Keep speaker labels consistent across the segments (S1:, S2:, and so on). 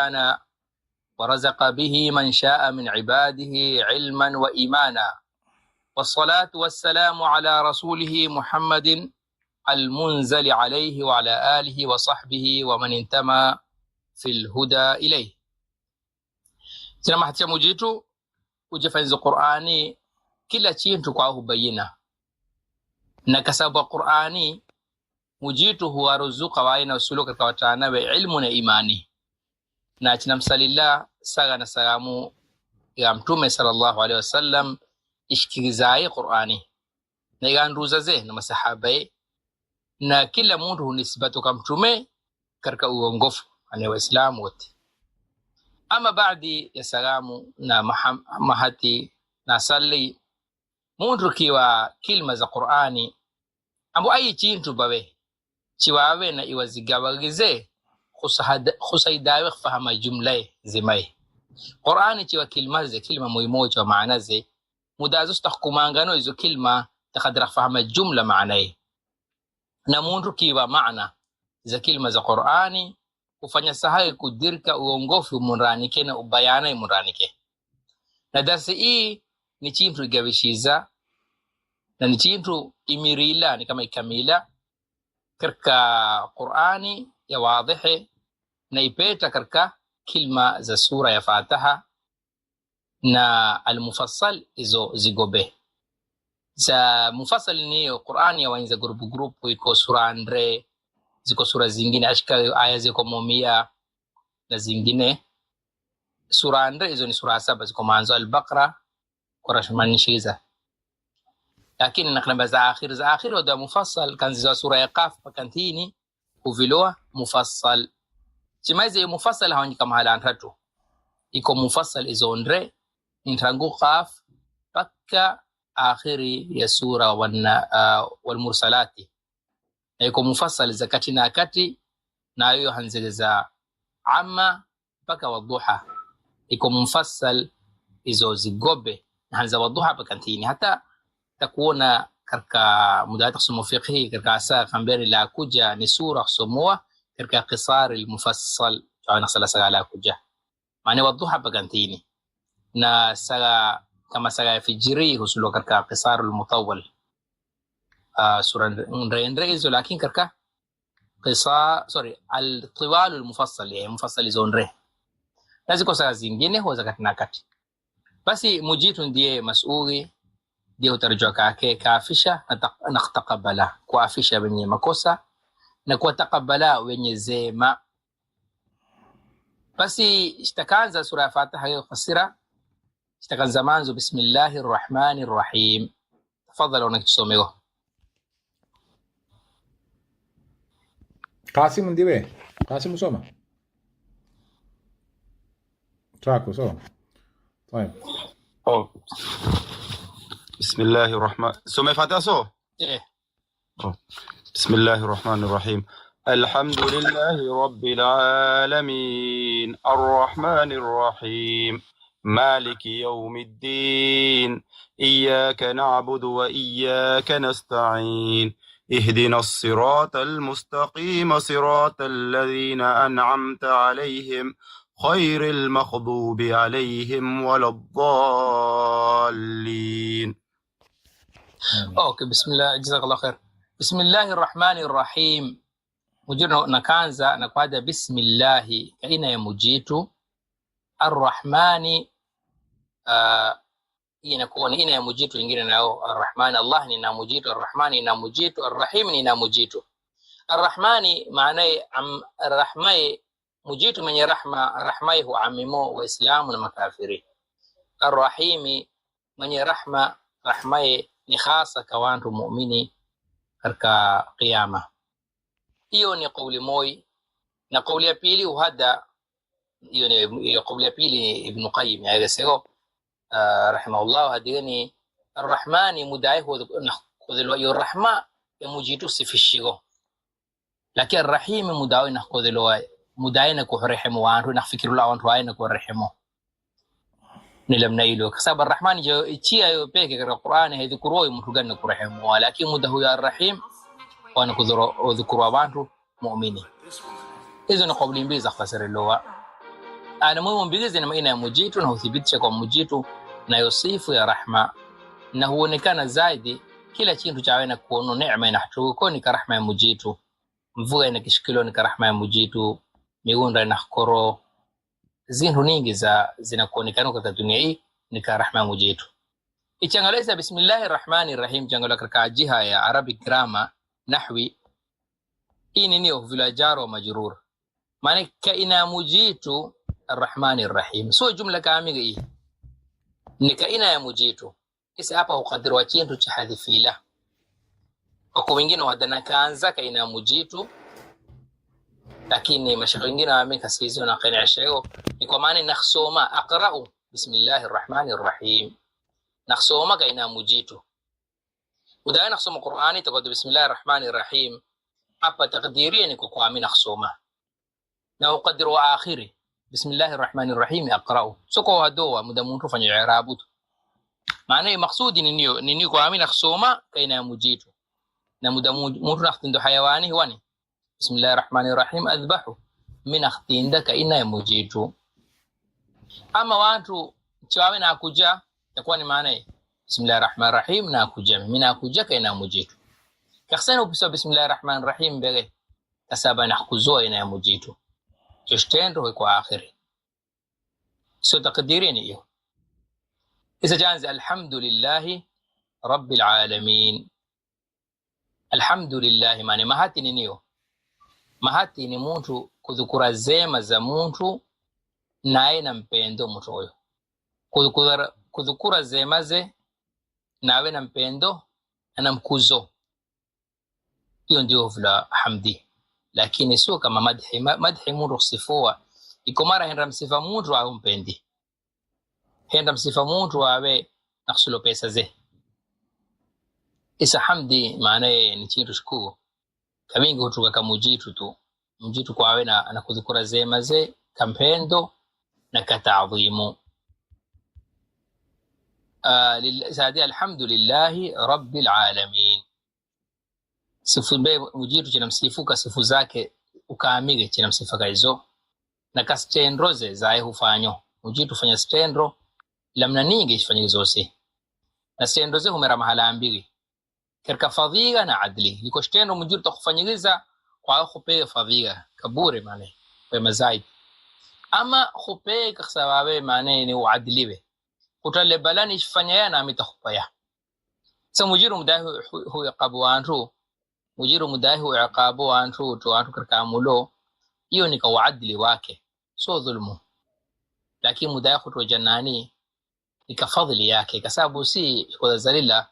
S1: كان ورزق به من شاء من عباده علما وإيمانا والصلاة والسلام على رسوله محمد المنزل عليه وعلى آله وصحبه ومن انتمى في الهدى إليه سنمحت سمجيتو وجفنز قرآني كلا تشين تقعه بينا نكسب قرآني مجيتو هو رزق وعين وسلوك وعين وعين وعين na chinamsalila saga na salamu ya mtume sallallahu alaihi wasallam ishikirizaye qur'ani na iganduzaze na masahabae na kila mundu hunisibatu ka mtume karka uongofu ani waislamu wote ama baadi ya salamu na mahati na sali muntu kiwa kilma za qur'ani ambo ayi chintu bawe chiwawe na iwazigabagizee kusaidawe kufahama jumla zimaye qur'ani chiwa kilma ze kilma muimoja maana ze mudazo stakumangano izo kilma takadra fahama jumla maanaye na mundu kiwa maana za kilma za qur'ani kufanya sahayi kudirka uongofu munranike na ubayana munranike na darsi hii ni chintu igawishiza na ni chintu imirila ni kama ikamila kirka qur'ani ya wadihi naipeta katika kilma za sura ya fataha na Almufassal izo zigobe za Mufassal niyo quran ya wanza grupu grupu, iko sura andre, ziko sura zingine ashika aya ziko momia na zingine sura andre izo ni sura saba ziko manzo Al-Baqara kwa lakini nakalamba za akhir za akhir wa Mufassal kanzi za sura ya Qaf pakantini kuviloa Mufassal chimaize mufasal hawanyika mahala antatu iko mufasal izonre intangu khaf paka akhiri ya sura wana, uh, walmursalati iko mufasal za kati na kati na hanzile za ama mpaka waduha iko mufasal izo zigobe hanza waduha paka ntini hata takuona karka mudaata kusomo fiqhi karka asa kambere la kuja ni sura kusomoa ergaa kisaari lmufassal cawana sala sagalaa kuja mane wadduha bagantini na saga kama saga fijirii huslo karka kisaru lmutawal suranreendreizo lakin karka qisa sorry altiwalu lmufassal yani mufassal zonre naziko saga zingine huweza katina kati basi mujitu ndiye masuli ndiye hutarjua kake kaafisha na takabala kuafisha wenye makosa na kuwatakabala wenye zema. Basi shtakanza sura ya Fatiha hiyo fasira, shtakanza manzo bismillahi rrahmani rrahim. Tafadhali unakisomeko
S2: Kasim, ndiwe Kasim, soma chako, soma طيب
S3: أوه. بسم الله الرحمن سمع فاتحة سو؟ ايه بسم الله الرحمن الرحيم الحمد لله رب العالمين الرحمن الرحيم مالك يوم الدين إياك نعبد وإياك نستعين اهدنا الصراط المستقيم صراط الذين أنعمت عليهم خير المخضوب عليهم ولا الضالين
S1: اوكي بسم الله جزاك الله خير Bismillahi rahmani rahim, na kanza na kwaja bismillahi aina ya mujitu arrahmani. Uh, ah, inakuwa ni aina ya mujitu nyingine nao arrahmani. Allah ni na mujitu, arrahmani na mujitu, arrahim ni na mujitu. Arrahmani maanaye rahmai, mujitu mwenye rahma, rahmai huamimo Waislamu na makafiri. Arrahimi mwenye rahma, rahmai ni hasa kwa watu muumini katika kiama. Hiyo ni kauli moi, na kauli ya pili uhada hiyo ni kauli ya pili Ibn Qayyim aelezeo uh, ah, rahimahullah hadigani arrahmani mudai nakhudhilwa iyo rahma sifishigo lakini arrahimi mudai nakhudhilwa mudai nakuhrehemu wantu nakhfikirula wantu waye nakurehemu ni namna hilo, kwa sababu Arrahmani chia hiyo peke katika Qur'ani haidhukuroi mtu gani kurehemu, lakini muda huyo Arrahim wanakudhukuru abantu muumini. Hizo ni kauli mbili za fasiri lugha. Ana muhimu mbili zina maana ya mujitu na huthibitisha kwa mujitu na yosifu ya rahma, na huonekana zaidi kila chintu chawena kuona neema inahtuko ni karahma ya mujitu, mvua inakishikilo ni karahma ya mujitu, migunda inakoro zindu nyingi za zinakuonekana katika dunia hii ni rahma mujetu ichangaleza bismillahi rahmani rahim changalo katika jiha ya arabic grammar nahwi hii niniyo vila jaro majrur maana ka ina mujitu arrahmani rahim so jumla kaamiga hii ni ka ina ya mujitu isa hapa hukadiriwa chintu cha hadhifila wako wengine wadana kaanza ka ina mujitu lakini mashaikh wengine wameamini kaskia hizo na wakaendelesha hiyo, ni kwa maana nakhsoma aqra'u bismillahi rrahmani rrahim, nakhsoma kaina mujitu udaya nakhsoma Qur'ani takwa bismillahi rrahmani rrahim. apa takdiria ni kwa kuamini nakhsoma na uqadiru akhiri bismillahi rrahmani rrahim aqra'u, soko kwa wadoa muda mtu fanya i'rabu maana maksudi ni nini? Ni kwa amina nakhsoma kaina mujitu na muda mtu nakhtendo hayawani hiwani bismillahi rahmani rahim adhbahu mina akhtindaka inaye mujitu ama watu chawe na kuja ni maana bismillahi rahmani rahim na kuja mimi na mujitu kakhsana upisa bismillahi rahmani rahim bege kasaba na inaye mujitu toshtendo kwa akhiri sio takdirini hiyo isa janzi alhamdulillahi rabbil alamin alhamdulillah maana mahati ni mahati ni muntu kuzukura zema za muntu naye nampendo muntu oyo kuzukura, kuzukura zema ze nawe na mpendo na mkuzo. Hiyo ndio vula hamdi, lakini sio kama madhi. Madhi muntu kusifuwa iko mara henda msifa muntu awe mpendi, henda msifa muntu awe nakusulo pesa ze. Isa hamdi maanaye ni chintu shukuru kamingi ka mujitu tu mujitu kwawe na, na kuzikura zee kampendo na katadhimu uh, ah, sadi alhamdulillahi rabbil alamin sifu mbe mujitu china msifuka sifu zake ukaamige china msifaka hizo na kastendro ze zae hufanyo mujitu fanya stendro lamna ningi ifanye zose na stendro ze humera mahala ambili katika fadhila na adli iko shtendo mjuri takhufanyiriza kwa khupee fadhila kabure mane we mazaid ama khupee kaksababe mane ni uadliwe kutale balani shfanyaya yana mitakhupaya sa mujiru mudahi hu yaqabu wantu mujiru mudahi hu yaqabu wantu to wantu katika mulo hiyo ni kwa adli wake so dhulmu lakini mudahi huto janani ni kafadhili yake kasabu si kwa zalila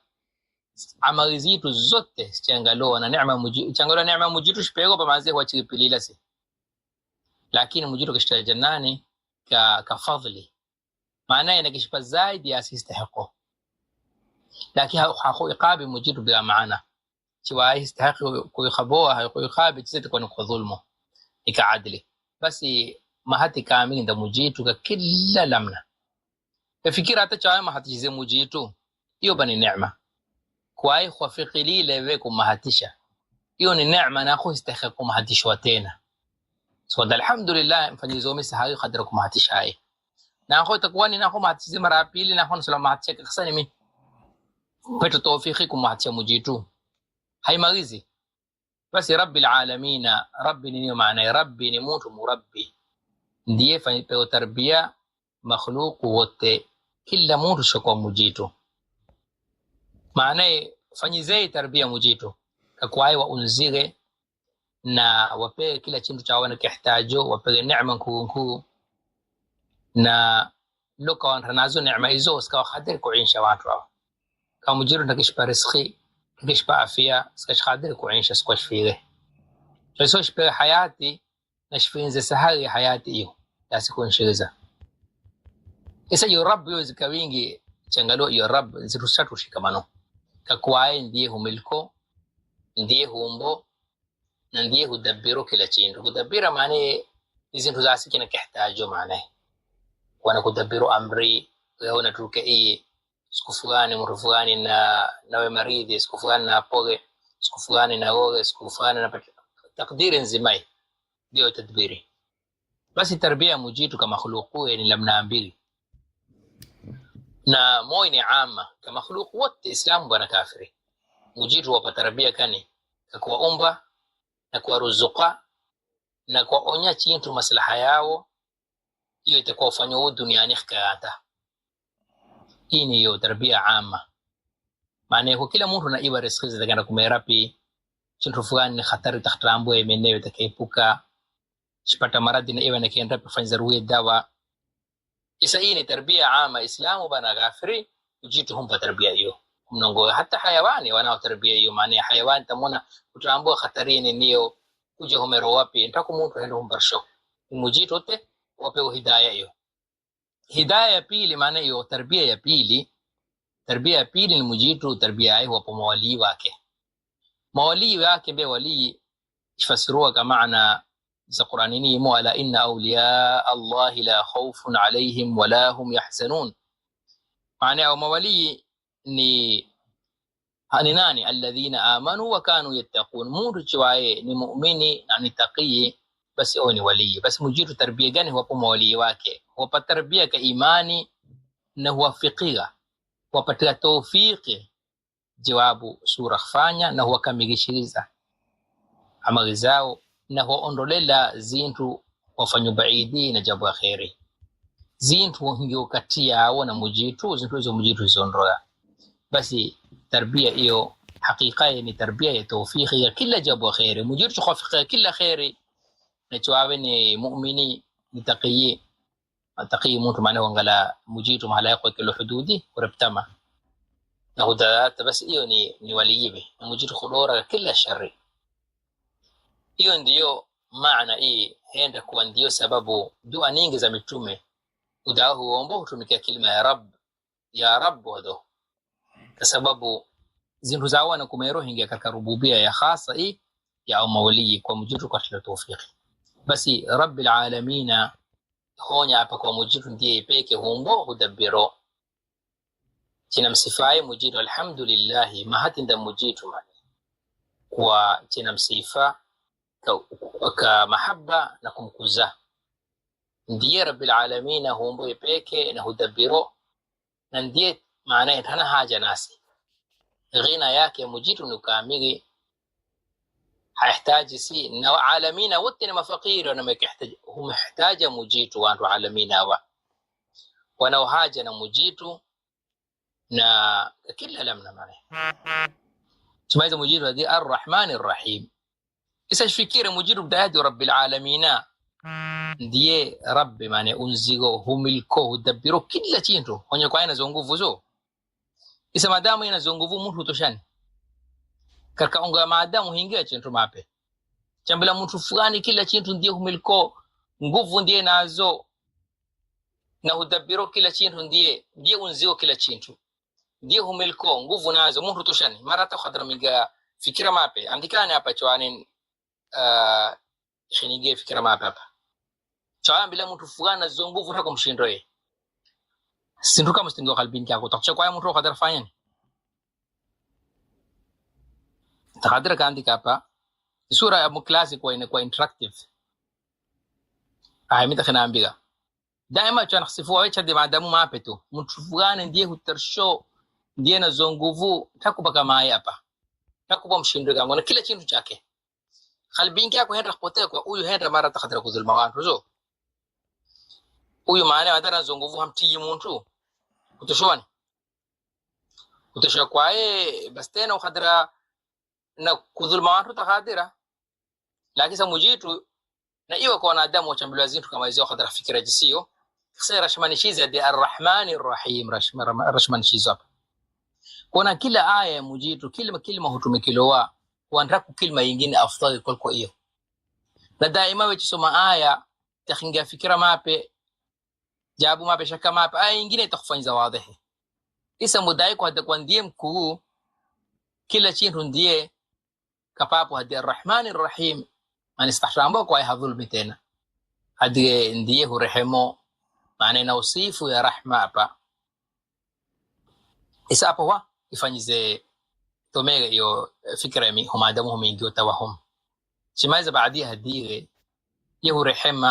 S1: amali zetu zote changaloa na neema mujitu changaloa neema mujitu shipego wa chipili la si lakini mujitu kishta janani ka ka fadhli maana yana kishpa zaidi ya asistahiqo lakini hako iqabi mujitu bila maana chiwa istahiqi kuikhaboa kuikhabi chisete kwa dhulmu ika adli basi mahati kamili nda mujitu ka kila lamna fikira hata chawa mahati ze mujitu hiyo bani neema kwa ikhwa fiqhi lile kumahatisha, hiyo ni neema na kustahili kumahatishwa tena. So alhamdulillah mfanyizo mimi sahayo khadra kumahatisha hai na kwa itakuwa ni na kumahatisha mara pili na kwa salama hatisha kasa ni mimi petu tawfiki kumahatisha mujitu haimalizi basi. Rabbil alamin, rabbi ni maana rabbi ni mtu murabbi, ndiye fanyipeo tarbia makhluku wote, kila mtu shakuwa mujitu maanaye fanyizei tarbia mujitu wa unzire na wapee kila chindu cha chawana kihtajo neema nkuu nkuu na loka lokawanranazo necma izo uskawakhadir kucinsha watu awa ka mujiru nakishpa riski nakishpa afia skashkhadir kucinsha skwashfighe so shpege hayati nashfinze sahari ya hayati iyo yasikunshiriza isa yo rabu yo zikawingi changalo yo rabu zirusatu shikamano kakuwaye ndiye humilko ndiye humbo na ndiye hudabiro kila chindu kudabira maanaye izintu zasi kina kihtajo maana wana kudabiro amri wewe tuke iye siku fulani mtu fulani na nawe maridhi siku fulani na apoge siku fulani na oge siku fulani na takdiri nzimai ndio tadbiri basi tarbia mujitu kama khuluqu ni lamna ambili na moyo ni ama ka makhluk wote, Islamu bwana kafiri, mujitu wapatarabia kani ka umba na ruzuka na onya chintu maslaha yao iyo itakuwa ufanyo u duniani khikayata hii ni yo tarbia ama maana yako kila mtu na iwa riziki zitakana kumerapi chintu fulani ni khatari takhtambu emenewe takeepuka chipata maradhi na iwa na kienda kufanya ruwe dawa Isa hii ni tarbia ama Islamu bana ghafri ghafiri humpa tarbia hiyo mnongo hata hayawani wanao tarbia hiyo, maana ya hayawani tamona utambua ni niyo kuja homero wapi ntako mtu hendo humpa mujitu ote wape hidayah hiyo. Hidayah ya pili maana hiyo tarbia ya pili, tarbia ya pili ni mujitu tarbia yao wapo mawali wake, mawali wake be wali ifasirua kama maana za Qur'anini imo ala inna awliya Allahi la khawfun alayhim wa la hum yahzanun, maana ya mawalii ni ni nani? alladhina amanu wa kanu yattaqun, mtu chiwaye ni muumini na ni taqiyi, basi au ni walii. Basi mujitu tarbia gani wapo mawalii wake? Wapa tarbia ka imani na huwafikia, wapatia taufiki jawabu sura khfanya na huwakamilishiriza amali zao na hoondolela zintu baidi na jabu ya kheri zintu hingiwo kati yawo na mujitu zintu izo mujitu izondoya basi tarbia iyo haqiqaye ni tarbia ya tawfiki ya kila jabu ya kheri mujitu chokhafikia kila kheri nacho awe ni mu'mini ni taqiyi taqiyi mtu maana wangala mujitu mahala yako kilo hududi urabtama na hudadata basi iyo ni, ni waliyibe mujitu khudora kila shari hiyo ndiyo maana hii henda kuwa ndiyo sababu dua nyingi za mitume udao huombo hutumikia kilima ya rab ya rab wado, kwa sababu zindu zao na kumero hingia katika rububia ya hasa hii ya umawalii kwa mujitu katila tawfiki basi rabbil alalamina honya hapa kwa mujitu ndiye peke humbo hudabiro china msifai mujitu alhamdulillahi mahatinda mujitu mani kwa china msifa ka mahaba na kumkuza ndiye rabbil alamin ahuumbe peke na hudabiro na ndiye maanaye hana haja nasi ghina yake mujitu nukamigi hahitaji si na alamina wote ni mafakiri humhitaja mujitu wantu alamina wa wanao haja na mujitu na kila lamna maanaye sumaiza mujitu hadi arrahmani rrahim isafikire mujiru dayadi rabbil alamina ndiye rabbi mane unzigo humilko hudabiro kila chintu honye kwa ina nguvu zo isa madamu ina nguvu mtu toshani karka unga madamu hingia chintu mape chambila mtu fulani kila chintu ndiye humilko nguvu ndiye nazo na hudabiro kila chintu ndiye ndiye unzigo kila chintu ndiye humilko nguvu nazo mtu toshani mara ta khadra miga fikira mape andikani hapa chwanin uh, ah, shinigie fikira mapapa chawambila muthu fulana zizo nguvu ntha kumshindo ye sinthu kamustingiwa kalbini kyako takucha kwaya muthu wakhatira fanyani takhatira kaandika apa sura ya muklasi kwa ine kwa interactive ahimita ambiga daima chana khasifuwa wecha di maadamu mape tu muthu fulani ndiye hutarsho ndiye na zonguvu takupaka maye apa takupa mshindo kangu na kila chintu chake hali binki yako henda kupotekwa uyu hendra mara takhatira kuzulma wantu zo huyu maana wadana zonguvu hamtiji muntu kutoshoni kutosha kwaye basi tena ukhadira na kudhulma wantu takhadira lakini samujitu na iwe kwa wanadamu wachambuliwa zintu kama hizo khadira fikira jisio sasa rashmanishizi hadi arrahmani rahim rashmanishizi hapa kuna kila aya mujitu kila kilima hutumikilo wa waan ku kilma yingine afdali kolko iyo na daima soma aya takingia fikira mape jabu mape shaka mape aya yingine itakufanyiza wadhihi isa mudai mudaiko hatakuwa ndiye mkuu kila chintu ndiye kapapo hadi arrahmani rrahim manistahrambo kwa hadhulmi tena hadi ndiye hurehemo maana ina usifu ya rahma hapa isa apo wa ifanyize tomega iyo fikra mi humadamo humingiyo tawahum shimaiza baadia hadige yehurehema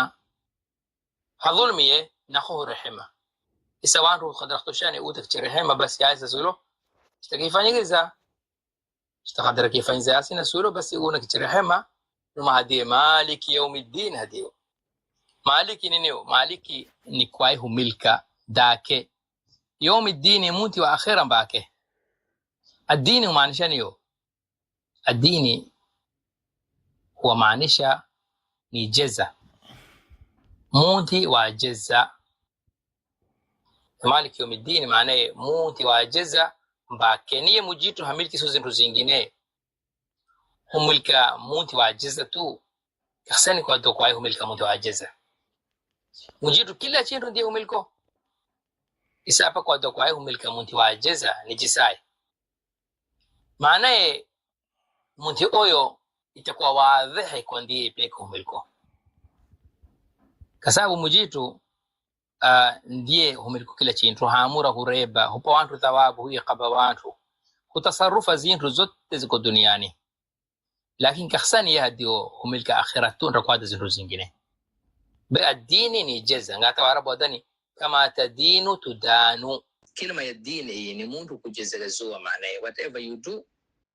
S1: hadhulmiye nahohurehema isawanru khadraktoshani utakche rehema basi aisa sulo shtakifanyiriza shtakadra kifanyiza asina sulo basi una kiche rehema numa hadie maliki yaumiddin hadio maliki ninio maliki ni kwai humilka dake yaumiddini muti wa akhira mbake Adini humaanisha niyo, adini huwamaanisha ni jeza, muti wa jeza. Maliki yaumiddini maanaye muti wa jeza mbakeniye mujitu hamilkiso zintu zingine humilka muti wa jeza tu kasani kwa dokwaye humilka muti wa jeza mujitu kila chintu ndiye humilko isapa kwa dokwaye humilka muti wa jeza ni jisai maanaye munthu oyo itakuwa waadhihi kwa ndiye peke humiliko kasabu mujitu uh, ndiye humiliko kila chinthu hamura hureba hupa wantu thawabu huyikaba wanthu hutasarufa zintu zote ziko duniani lakini kahsani yahdio humilika akhira tunra kwada zinthu zingine be addini ni jeza ngata waarabu wadhani kama tadinu tudanu Kilima ya dini hii ni mtu kujizelezua, maanaye whatever you do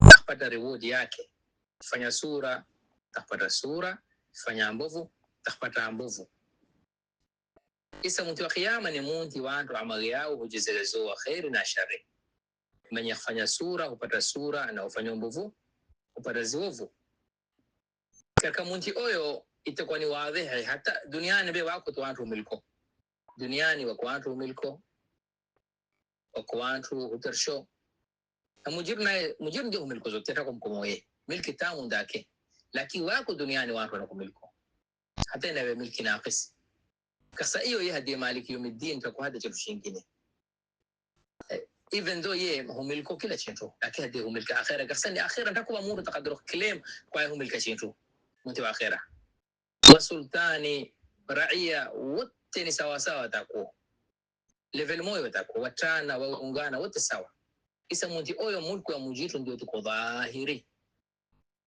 S1: utapata reward yake. Fanya sura utapata sura, fanya ambovu utapata ambovu Isa mtu wa kiyama ni wa wantu amali yao hujizelezua khairi na shari. Mwenye kufanya sura upata sura na ufanya mbovu upata ziovu. kaka muntu oyo itakuwa ni wadhihi hata duniani be wako tu wantu umiliko duniani wako wantu umiliko وكوانتو وترشو مجرنا مجرم دي ملكو زو تتاكم كموي ملك تام داكي لكن واكو دنيا ني واكو نكو ملكو حتى نبي ملك ناقص كسا ايو يهدي مالك يوم الدين تكو هذا جرشين كيني even though yeah هو ملكو كلا شنتو لكن هدي هو ملك آخرة كرسني آخرة نكو أمور تقدرو كلام كواي هو ملك شنتو متي آخرة وسلطاني رعية وتني سوا تاكو level moyo tako watana waungana wote sawa isa munti oyo mulku ya mujitu ndio tuko dhahiri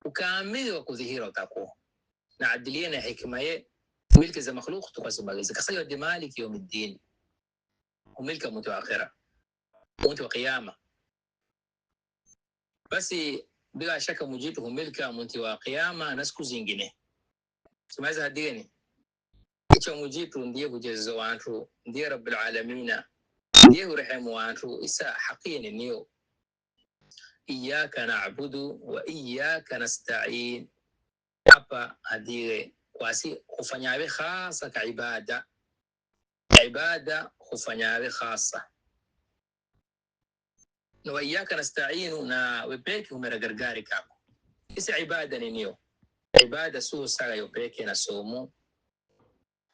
S1: ukaamili wa kudhihira utako na adilia na hikima ye milki za makhluk tukazimaliza kasayo di maliki yaumi ddini umilka muti wa akhira muti wa qiyama basi bila shaka mujitu humilka muti wa qiyama na siku zingine tumaeza hadieni icyo mujitu ndiye kugeza wantu ndiye rabbil alamina ndiye urehemu wantu isa haqini niyo iyaka naabudu wa iyaka nastain hapa adire kwasi hufanyawe khasa ka ibada ibada hufanyawe khasa na wa iyaka nastainu na wepeke humera gargari kako isa ibada niniyo ibada suhu sara yopeke na somu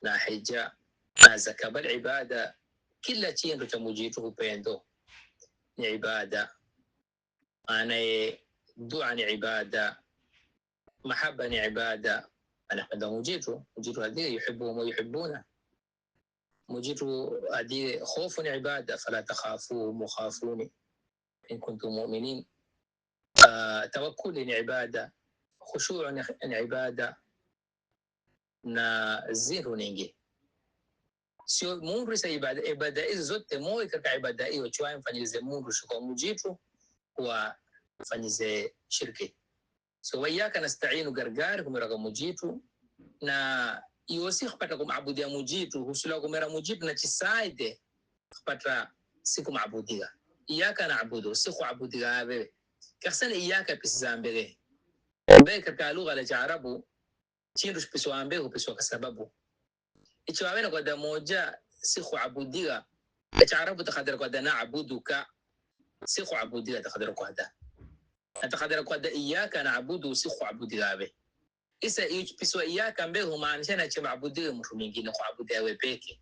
S1: لا حجة لا زكاة بل عبادة كل شيء تموجيته بيندو عبادة أنا دعاء عبادة محبة عبادة أنا قد مجيته مجيته هذه يحبهم ويحبونه مجيته هذه خوف عبادة فلا تخافوهم وخافوني إن كنتم مؤمنين آه توكل عبادة خشوع عبادة na zero nyingine. Sio Mungu sa ibada, ibada hizo zote moyo kaka ibada hiyo chwa mfanyize Mungu kwa mujibu wa mfanyize shirki. So waiyaka nastainu gargar kumera kwa mujibu na iyosi kupata kumabudia mujitu husula kumera mujitu na chisaide kupata siku sikumaabudia iyaka naabudu sikuabudia wewe kasana iyaka pisizambere be katika lugha la Kiarabu chirushipiso wa mbeo hupiswa kwa sababu icho wawena kwa da moja si kuabudiga icho arabu takadara kwa da naabuduka si kuabudiga takadara kwa da atakadara kwa da iyaka naabudu si kuabudiga be isa ipiswa iyaka mbeo humaanisha na chimabudiga mtu mwingine kuabudiga we peke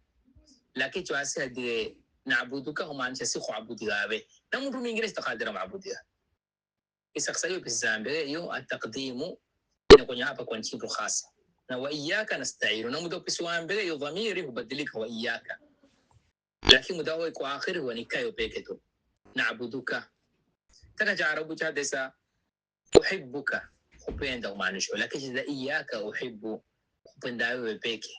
S1: lakini icho asi hadire naabuduka humaanisha si kuabudiga be na mtu mwingine sitakadara maabudiga isa kasayo pisa mbeo yo atakdimu ina kunya apa kwanci rukhasa na wa iyyaka nasta'inu na mudo kiswan bere yo dhamiri hubadilika wa iyyaka lakini mudawo kwa akhiri wa nikayo peke tu na'buduka taka cha arabu cha desa uhibbuka hupenda umaanisho lakini za iyyaka uhibbu hupenda wewe peke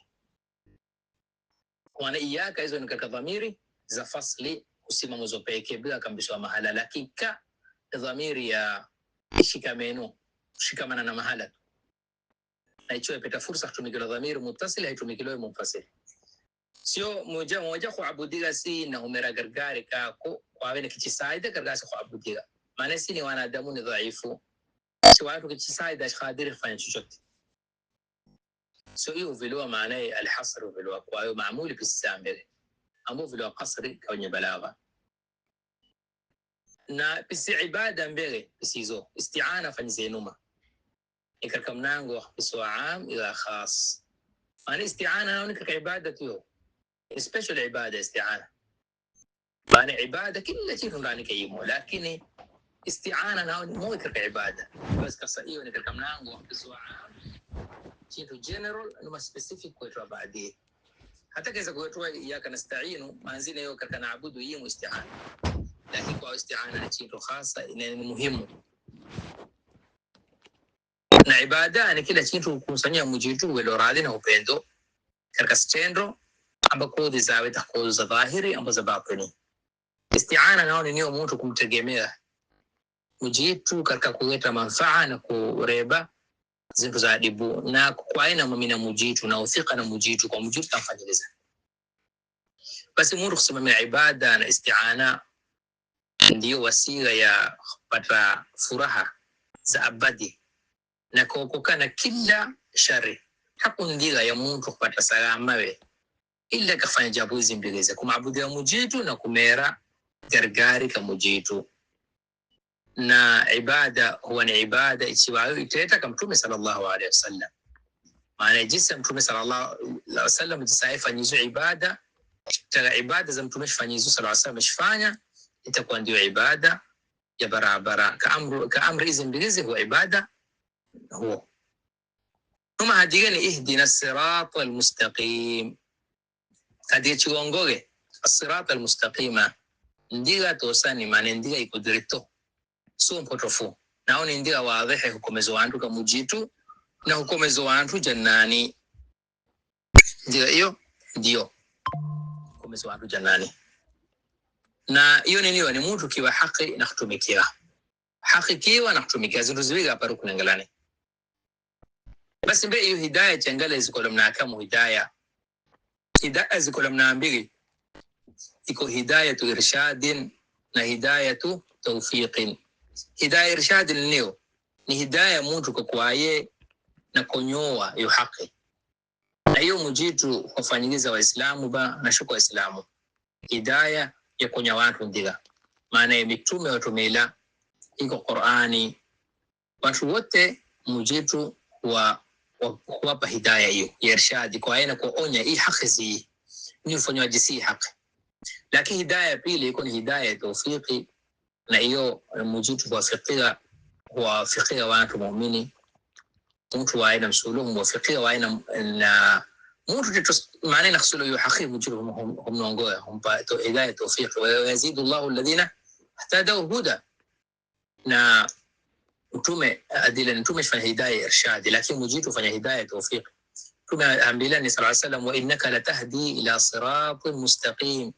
S1: wana iyyaka hizo ni kaka dhamiri za fasli usimamazo peke bila kambishwa mahala lakini ka dhamiri ya shikameno shikamana na mahala tu naichopeta fursa kutumikiliwa dhamiru mutasili haitumikiliwe munfasili sio moja moja ko abudigasi na humera gargare kako kwawene kichisaida gargasi ko abudiga maana si ni wanadamu ni dhaifu si watu kichisaida shadiri fanya chochote so hiyo vilua maana ya alhasr vilua kwa hiyo maamuli kisambele ambao vilua kasri kwenye balagha na bisi ibada mbele bisizo isti'ana fanzenuma ninka kabnaango wax ku soo caam ilaa khaas ani isticaanaha ninka ka cibaadatiyo cibaada isticaana maana cibaada kila jirun yimo lakini isticaana nao ni moy cibaada bas iyo ninka kabnaango caam kitu general numa specific kuitoa baadie hata kaweza kuitoa iyaka nastainu maanzile yo karka naabudu yimo isticaana lakini kwa isticaana ni kitu khasa muhimu na ibada ni kile chintu kumsanyia mujitu welo radhi na upendo katika stendo amba kodhi za weta kodhi za dhahiri amba za batini istiana nao ni niyo mtu kumtegemea mujitu katika kuleta manfaa na kureba zintu za adibu na kwa aina mwamina mujitu na uthika na mujitu kwa mujitu tamfanyiliza basi mtu kusimamia ibada na istiana ndiyo wasila ya kupata furaha za abadi na kuokoka na kila shari. Hakuna njia ya muntu kupata salama we illa kafanya jabuzi mbileze kumaabudia mujitu na kumera gargari ka mujitu na ibada huwa ni ibada ichiwayo iteta ka mtume sallallahu alaihi wasallam maana jinsi mtume sallallahu alaihi wasallam jisaifanyizo ibada tala ibada za mtume shifanyizo sallallahu alaihi wasallam shifanya itakuwa ndio ibada ya barabara ka amri hizi mbili huwa ibada هو uma hajigan الصراط المستقيم almustaqim kadichigongoge asirat almustaqima ndiga tosani mane ndiga ikudirito sio mpotofu naone ndiga wadhihe hukomezo wantu kamujitu na hukomezo wantu jannani ndiga hiyo ndio hukomezo wantu jannani na hiyo niniwa ni mutu kiwa haki na kutumikiwa haki kiwa na kutumikiwa zintu ziwiga parukunengelani basi mbe iyo hidaya jangala izikolamnaakamu hidaya hidaya zikolamnaambiri iko hidayatu irshadin na tu taufiqin hidaya irshadin niyo ni hidaya muntu kakwaye na konyowa yu haki na iyo mujitu wa waislamu ba wa waislamu hidaya ya konya watu ndiga maana ya mitume watumila iko qurani watu wote mujitu wa kuwapa hidaya hiyo ya irshadi kwa aina kuonya hii haki si ni ufanywaji si haki lakini hidaya ya pili iko ni hidaya ya tawfiki na hiyo mujitu kuwafikia kuwafikia watu muumini mtu wa aina msuluhu muwafikia wa aina na mtu titus maana ina kusulu hiyo haki mujitu humnongoya humpa hidaya ya tawfiki wa yazidu llahu alladhina htadau huda na mtume ni eh, mtume fanya hidayah irshadi, lakini mujitu fanya hidayah tawfiq. Mtume ni sallallahu alaihi wasallam, wa innaka latahdi ila siratin mustaqim,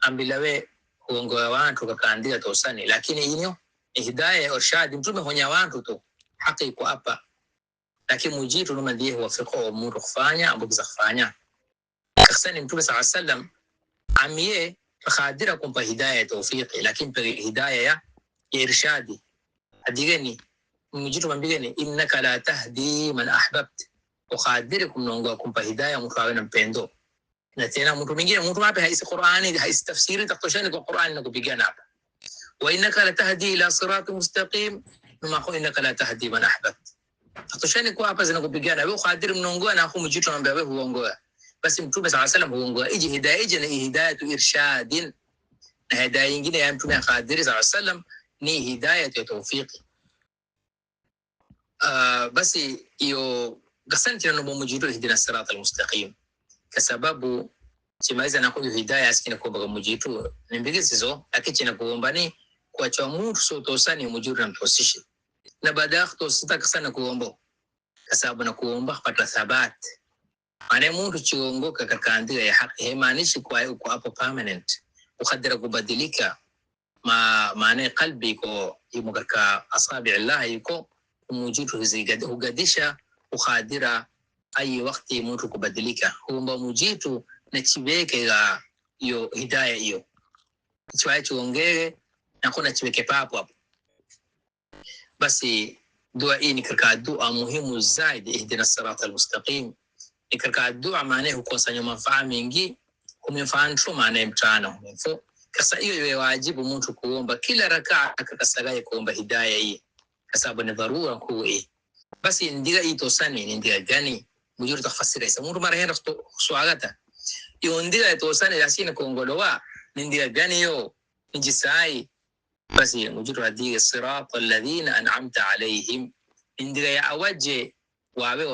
S1: ambila we wa watu kakandila tosani, lakini ino ni hidayah irshadi. Mtume honya watu tu haki kwa hapa, lakini mujitu numa ndiye huwafiqa wa mtu kufanya ambapo za kufanya kasani. Mtume sallallahu alaihi wasallam amie khadira kumpa hidayah tawfiq lakini hidayah ya irshadi أديغني مجر من بيغني إنك لا تهدي من أحببت وخادركم نونغاكم بهداية مكاونا بيندو نتينا مطو مينجينا مطو ما بهايس قرآن هايس تفسير تقشانك القرآن نكو بيغانا وإنك لا تهدي إلى صراط مستقيم نما خو إنك لا تهدي من أحببت تقشانك وابز نكو بيغانا وقادر منونغو أنا أخو مجيتو من بابه هو basi mtume saa salam huongoa iji hidaya ije na هداية irshadin na hidaya nyingine ya mtume akadiri saa salam ni hidayat ya tawfiqi uh, ah, basi iyo hiyo gasantira nobo mujiru ihdina sirata al mustaqim kasababu chimaiza na kuyo hidayah asikina kubaga mujidu mujiru nimbigisizo akichina kuombani kwa chwa mungu so tosani mujidu na mtosishi na baada sita sana na kubombo sababu na kubomba pata thabat maana mungu chiongoka kakandira ya haki haimaanishi kwa hapo permanent ukadira kubadilika ma maana maanaye qalbigo imo markaa asaabic illahigo mujud hugadisha ukhadira ayi wakti mutu kubadilika humba mujitu na chiweke ga iyo hidaya iyo chiwaye chiongere nakona chiweke papo hapo basi dua hii ni katika dua muhimu zaidi ihdina sirata almustaqim ni katika dua maanaye hukusanya manfaa mengi humefaa ntu maanaye mtana humefo sasa hiyo iwewajibu mtu kuomba kila rakaa akakasagaye kuomba hidaya hii, kwa sababu ni dharura kuu hii. Basi ndiga itosani ni ndiga gani mujuru isa mtu mara hera suagata iyo ndiga itosani lasina kuongolowa ni ndiga gani yo njisai basi mujuru adiga sirata alladhina an'amta alayhim indiga ya awaje wawe wa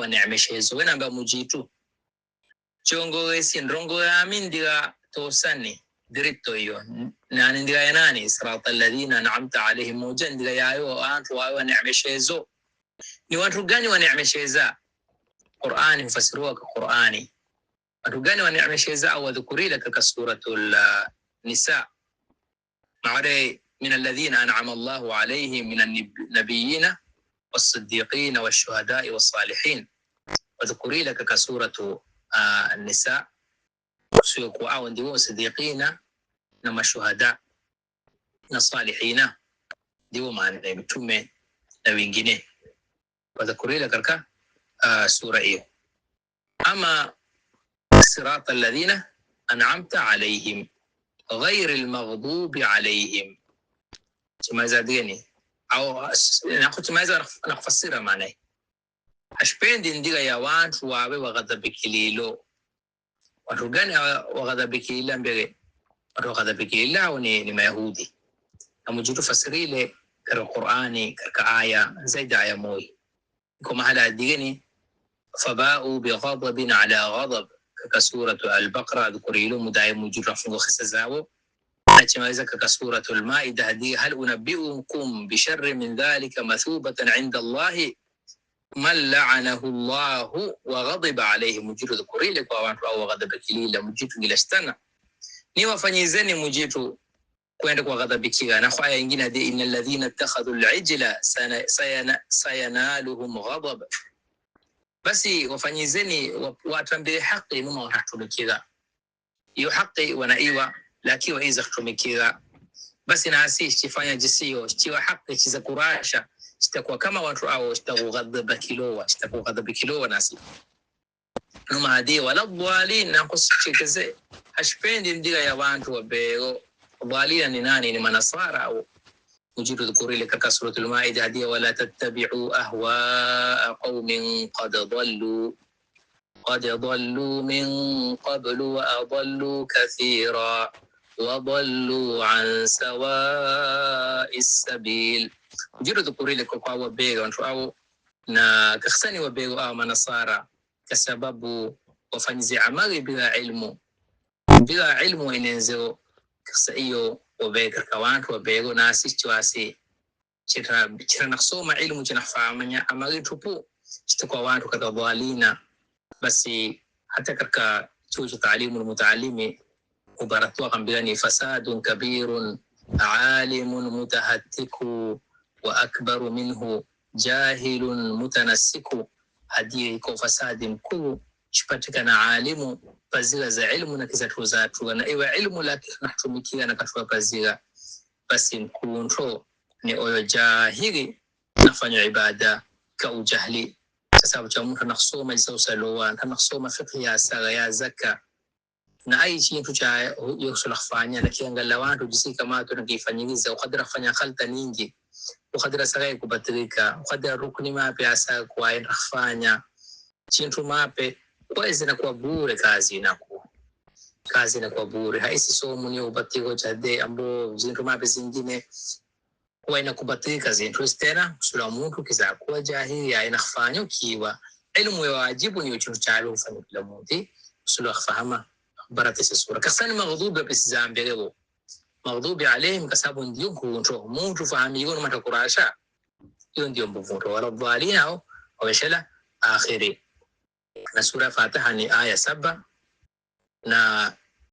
S1: wena mba mujitu chongo esi ndrongo yamindiga tosani دريبتو ايو نان اندقا يناني سراط الذين نعمت عليهم موجا اندقا يايو أيوة، وانت وايو نعم شيزو نيوان رقاني ونعم شيزا قرآن فسروك قرآني رقاني ونعم شيزا وذكري لك كسورة النساء معري من الذين أنعم الله عليهم من النبيين والصديقين والشهداء والصالحين وذكري لك كسورة النساء سيكو عاون ديمو صديقينا نما شهداء نصالحينا ديمو ما نعيم تومي نوين جيني وذكري لكركا آه سورة إيو أما صراط الذين أنعمت عليهم غير المغضوب عليهم ثم زادني أو نأخذ يعني ما إذا نفسرها معناه أشبين دين ديلا يا وانت وابي وغضبك ليلو ورجان وغدا بكي لان بغي رغدا بكي لان لما يهودي أما جرو فسريلة كر القرآن كر كآية زيد آية موي كم على آية ديني فباءوا بغضب على غضب كسورة البقرة ذكريلو مداي مجرو فنغو خسزاو لكن إذا كسورة المائدة هل أنبئكم بشر من ذلك مثوبة عند الله man laanahu llahu waghadhiba alaihi mujitu dhukurile kwa watu au waghadhaba kilila mujitu gilastana ni wafanyizeni mujitu kwenda kwa ghadhabi na khaya ingine adi ina alladhina ittakhadhu alijla sayanaluhum ghadab basi wafanyizeni watambie haqi numa wanatumikiga iyo haqi wanaiwa lakiwa iza kutumikiga basi naasi chifanya jisiyo chiwa haqi chiza kurasha sitakuwa kama watu ao sitakughadhaba kilowa sitakughadhaba kilowa nasi nomadi wala dhalin nakusichekeze hashipendi mdiga ya bantu wabego dhalina ni nani ni manasara au وجود ذكور لك كسرة المائدة هدية ولا تتبعوا أهواء قوم قد ضلوا قد ضلوا من قبل وأضلوا كثيرا وضلوا عن سواء السبيل jiro tukurile kwa kwa wabega watu au na kakhsani wabega au manasara kwa sababu wafanyizi amali bila ilmu bila ilmu inenzo kakhsa iyo wabega kwa watu wabega na asichi wasi chira chira nakhsoma ilmu chira fahamanya amali tupu chita kwa watu kadhalina basi hata katika chuo cha taalimu almutalimi Mubarak akaambia ni fasadun kabirun alimun mutahatiku wa akbaru minhu jahilun mutanasiku. Hadia iko fasadi mkuu chipatikana alimu pazira za ilmu na kizatuzatuga na iwe ilmu lake natumikia na katua pazira basi mkuu nto ni oyo jahili nafanya ibada ka ujahli sasa cha mtu anakusoma isausalowa ntanakusoma fikhi ya asara ya zaka na aishi ntuchaye yosola khufanya nakiangala wantu jisika matu nakifanyikiza ukhadira khufanya khalta ningi ukhadira sakaye kubatilika ukhadira rukuni mape asa kuwaenda khufanya chintu mape kwezi nakuwa bure kazi inakuwa kazi inakuwa bure haisi somu niyo kubatiko chade ambo zintu mape zingine kuwa inakubatilika zintu tena usula muntu kizakuwa jahili aina khufanya ukiwa elimu ya wajibu niyo chintu chalo hufanya kila muntu usula khufahama baratese sura kasani maghdubi besizambelebo maghdubi alaihim kasabu ndiyo nkunto muntu fahamiyigo numatakurasha iyo ndiyo mbuvunto waladhalin ao waweshela akhiri na sura fatiha ni aya saba na